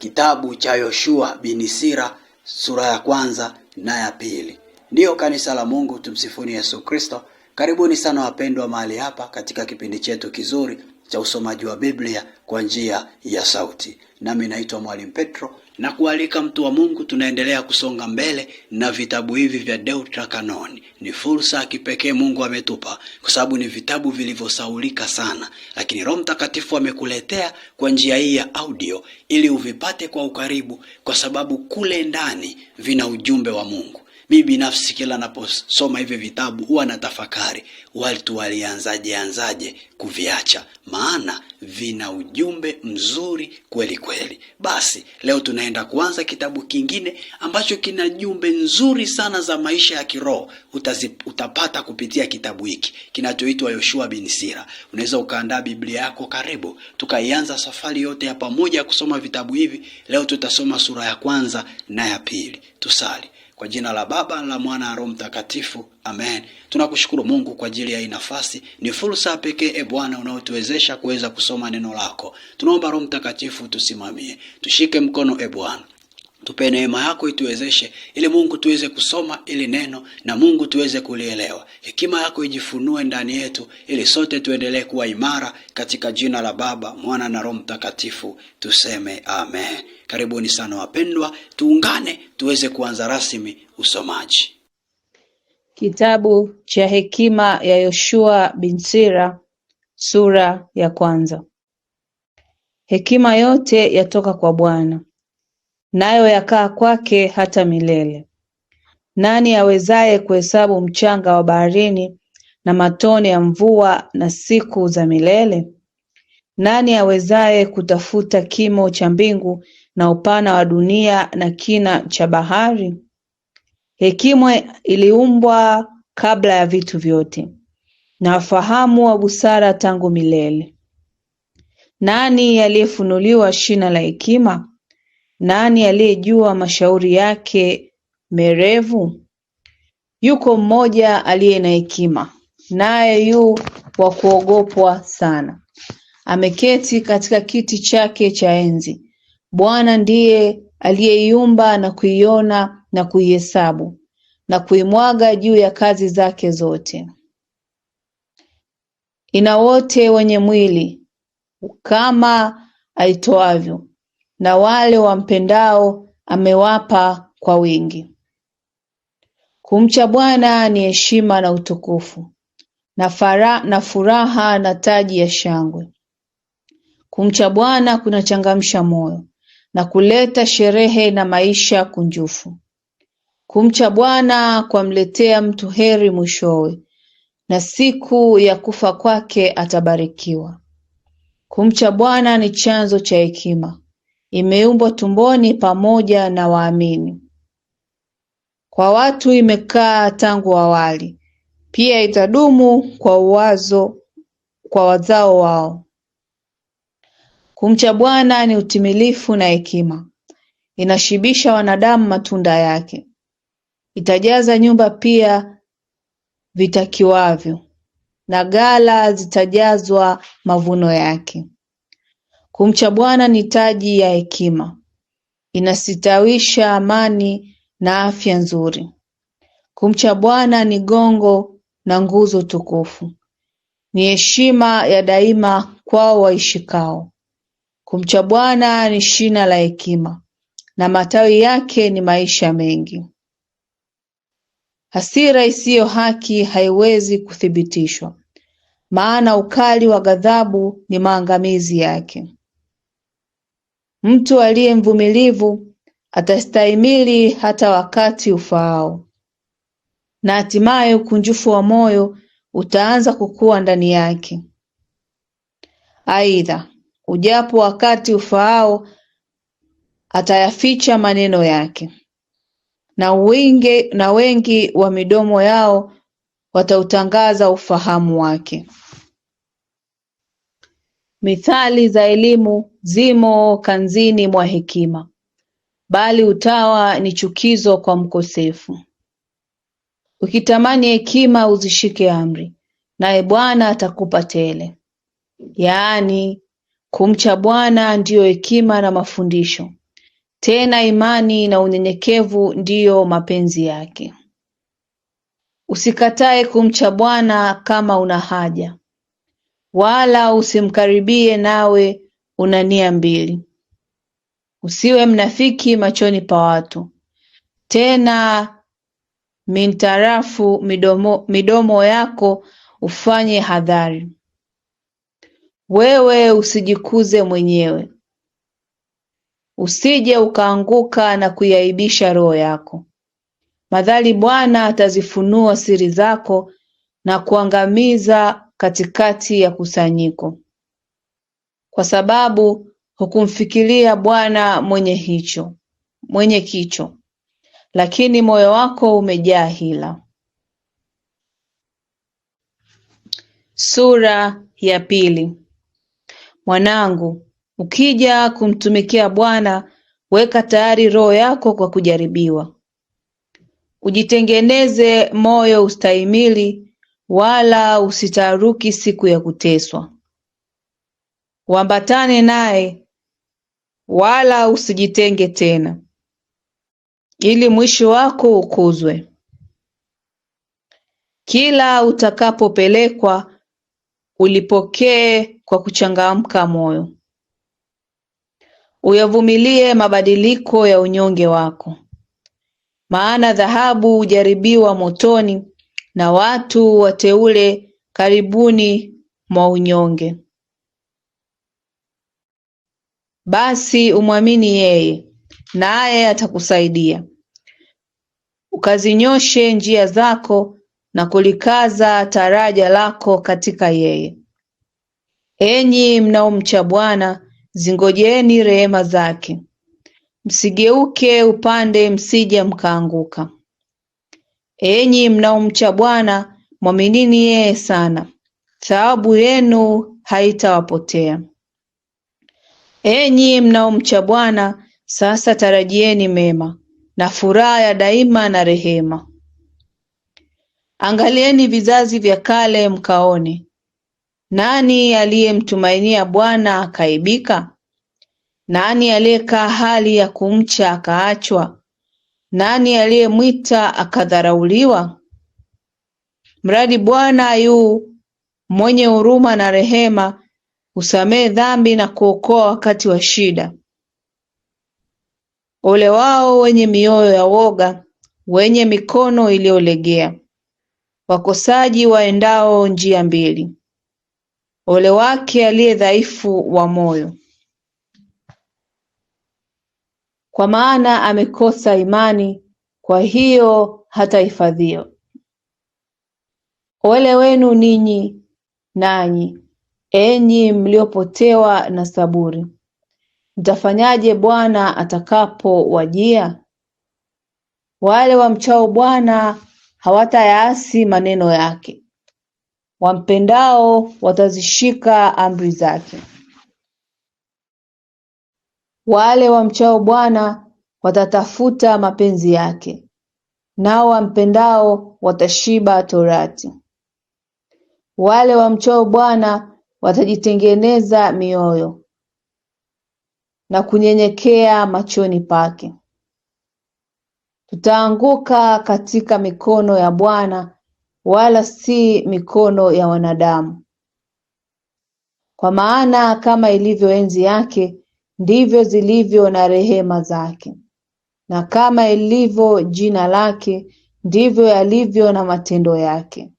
kitabu cha Yoshua bin Sira sura ya kwanza na ya pili. Ndiyo kanisa la Mungu, tumsifuni Yesu Kristo. Karibuni sana wapendwa mahali hapa katika kipindi chetu kizuri cha usomaji wa Biblia kwa njia ya sauti. Nami naitwa Mwalimu Petro na kualika mtu wa Mungu, tunaendelea kusonga mbele na vitabu hivi vya Deuterokanoni. Ni fursa ya kipekee Mungu ametupa, kwa sababu ni vitabu vilivyosaulika sana, lakini Roho Mtakatifu amekuletea kwa njia hii ya audio ili uvipate kwa ukaribu, kwa sababu kule ndani vina ujumbe wa Mungu. Mi binafsi kila naposoma hivi vitabu huwa na tafakari watu walianzaje anzaje kuviacha, maana vina ujumbe mzuri kweli kweli. Basi leo tunaenda kuanza kitabu kingine ambacho kina jumbe nzuri sana za maisha ya kiroho utapata kupitia kitabu hiki kinachoitwa Yoshua bin Sira. Unaweza ukaandaa Biblia yako, karibu tukaianza safari yote ya pamoja ya kusoma vitabu hivi. Leo tutasoma sura ya kwanza na ya pili. Tusali. Kwa jina la Baba la Mwana na Roho Mtakatifu, amen. Tunakushukuru Mungu kwa ajili ya hii nafasi, ni fursa pekee e Bwana unaotuwezesha kuweza kusoma neno lako. Tunaomba Roho Mtakatifu tusimamie, tushike mkono e Bwana tupe neema yako ituwezeshe, ili Mungu tuweze kusoma ili neno na Mungu tuweze kulielewa. Hekima yako ijifunue ndani yetu, ili sote tuendelee kuwa imara, katika jina la Baba, Mwana na Roho Mtakatifu tuseme amen. Karibuni sana wapendwa, tuungane tuweze kuanza rasmi usomaji kitabu cha hekima ya Yoshua bin Sira sura ya kwanza. Hekima yote yatoka kwa Bwana, nayo yakaa kwake hata milele. Nani awezaye kuhesabu mchanga wa baharini na matone ya mvua na siku za milele? Nani awezaye kutafuta kimo cha mbingu na upana wa dunia na kina cha bahari? Hekima iliumbwa kabla ya vitu vyote, na fahamu wa busara tangu milele. Nani aliyefunuliwa shina la hekima? Nani aliyejua mashauri yake merevu? Yuko mmoja aliye na hekima, naye yu wa kuogopwa sana, ameketi katika kiti chake cha enzi Bwana ndiye aliyeiumba na kuiona na kuihesabu na kuimwaga juu ya kazi zake zote. Ina wote wenye mwili kama aitoavyo, na wale wampendao amewapa kwa wingi. Kumcha Bwana ni heshima na utukufu na, fara, na furaha na taji ya shangwe. Kumcha Bwana kunachangamsha moyo na kuleta sherehe na maisha kunjufu Kumcha Bwana kwamletea mtu heri mwishowe, na siku ya kufa kwake atabarikiwa. Kumcha Bwana ni chanzo cha hekima, imeumbwa tumboni pamoja na waamini. Kwa watu imekaa tangu awali, pia itadumu kwa uwazo kwa wazao wao. Kumcha Bwana ni utimilifu na hekima, inashibisha wanadamu matunda yake, itajaza nyumba pia vitakiwavyo, na gala zitajazwa mavuno yake. Kumcha Bwana ni taji ya hekima, inasitawisha amani na afya nzuri. Kumcha Bwana ni gongo na nguzo tukufu, ni heshima ya daima kwao waishikao. Kumcha Bwana ni shina la hekima, na matawi yake ni maisha mengi. Hasira isiyo haki haiwezi kuthibitishwa, maana ukali wa ghadhabu ni maangamizi yake. Mtu aliye mvumilivu atastahimili hata wakati ufaao, na hatimaye ukunjufu wa moyo utaanza kukua ndani yake. Aidha, ujapo wakati ufaao atayaficha maneno yake, na wingi na wengi wa midomo yao watautangaza ufahamu wake. Mithali za elimu zimo kanzini mwa hekima, bali utawa ni chukizo kwa mkosefu. Ukitamani hekima, uzishike amri, naye Bwana atakupa tele. Yaani, Kumcha Bwana ndiyo hekima na mafundisho, tena imani na unyenyekevu ndiyo mapenzi yake. Usikatae kumcha Bwana kama una haja, wala usimkaribie nawe una nia mbili. Usiwe mnafiki machoni pa watu, tena mintarafu midomo, midomo yako ufanye hadhari. Wewe usijikuze mwenyewe usije ukaanguka na kuiaibisha roho yako, madhali Bwana atazifunua siri zako na kuangamiza katikati ya kusanyiko, kwa sababu hukumfikiria Bwana mwenye hicho mwenye kicho, lakini moyo wako umejaa hila. Sura ya pili. Mwanangu, ukija kumtumikia Bwana weka tayari roho yako kwa kujaribiwa, ujitengeneze moyo ustahimili, wala usitaaruki siku ya kuteswa. Uambatane naye, wala usijitenge tena, ili mwisho wako ukuzwe. Kila utakapopelekwa Ulipokee kwa kuchangamka moyo, uyavumilie mabadiliko ya unyonge wako, maana dhahabu hujaribiwa motoni, na watu wateule karibuni mwa unyonge. Basi umwamini yeye, naye atakusaidia; ukazinyoshe njia zako na kulikaza taraja lako katika yeye. Enyi mnaomcha Bwana, zingojeni rehema zake, msigeuke upande, msije mkaanguka. Enyi mnaomcha Bwana, mwaminini yeye sana, thawabu yenu haitawapotea. Enyi mnaomcha Bwana, sasa tarajieni mema na furaha ya daima na rehema. Angalieni vizazi vya kale mkaone: nani aliyemtumainia Bwana akaibika Nani aliyekaa hali ya kumcha akaachwa? Nani aliyemwita akadharauliwa? Mradi Bwana yu mwenye huruma na rehema, usamee dhambi na kuokoa wakati wa shida. Ole wao wenye mioyo ya woga, wenye mikono iliyolegea, Wakosaji waendao njia mbili, ole wake aliye dhaifu wa moyo, kwa maana amekosa imani, kwa hiyo hatahifadhiwa. Ole wenu ninyi nanyi, enyi mliopotewa na saburi, mtafanyaje Bwana atakapowajia? Wale wamchao Bwana hawatayaasi maneno yake, wampendao watazishika amri zake. Wale wamchao Bwana watatafuta mapenzi yake, nao wampendao watashiba torati. Wale wamchao Bwana watajitengeneza mioyo na kunyenyekea machoni pake. Tutaanguka katika mikono ya Bwana wala si mikono ya wanadamu kwa maana kama ilivyo enzi yake ndivyo zilivyo na rehema zake, na kama ilivyo jina lake ndivyo yalivyo na matendo yake.